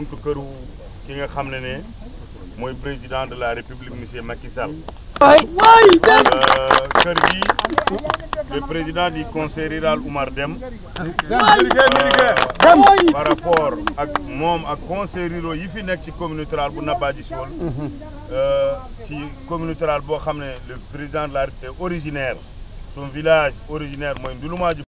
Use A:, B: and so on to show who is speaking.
A: buntu ki nga président de la république monsieur Macky Sall. Euh, le président du conseil rural Oumar euh, par rapport ak mon ak conseil rural il fi nekk ci communauté rural bu Nabadji Civol euh, ci communauté le président de la est originaire son village originaire moy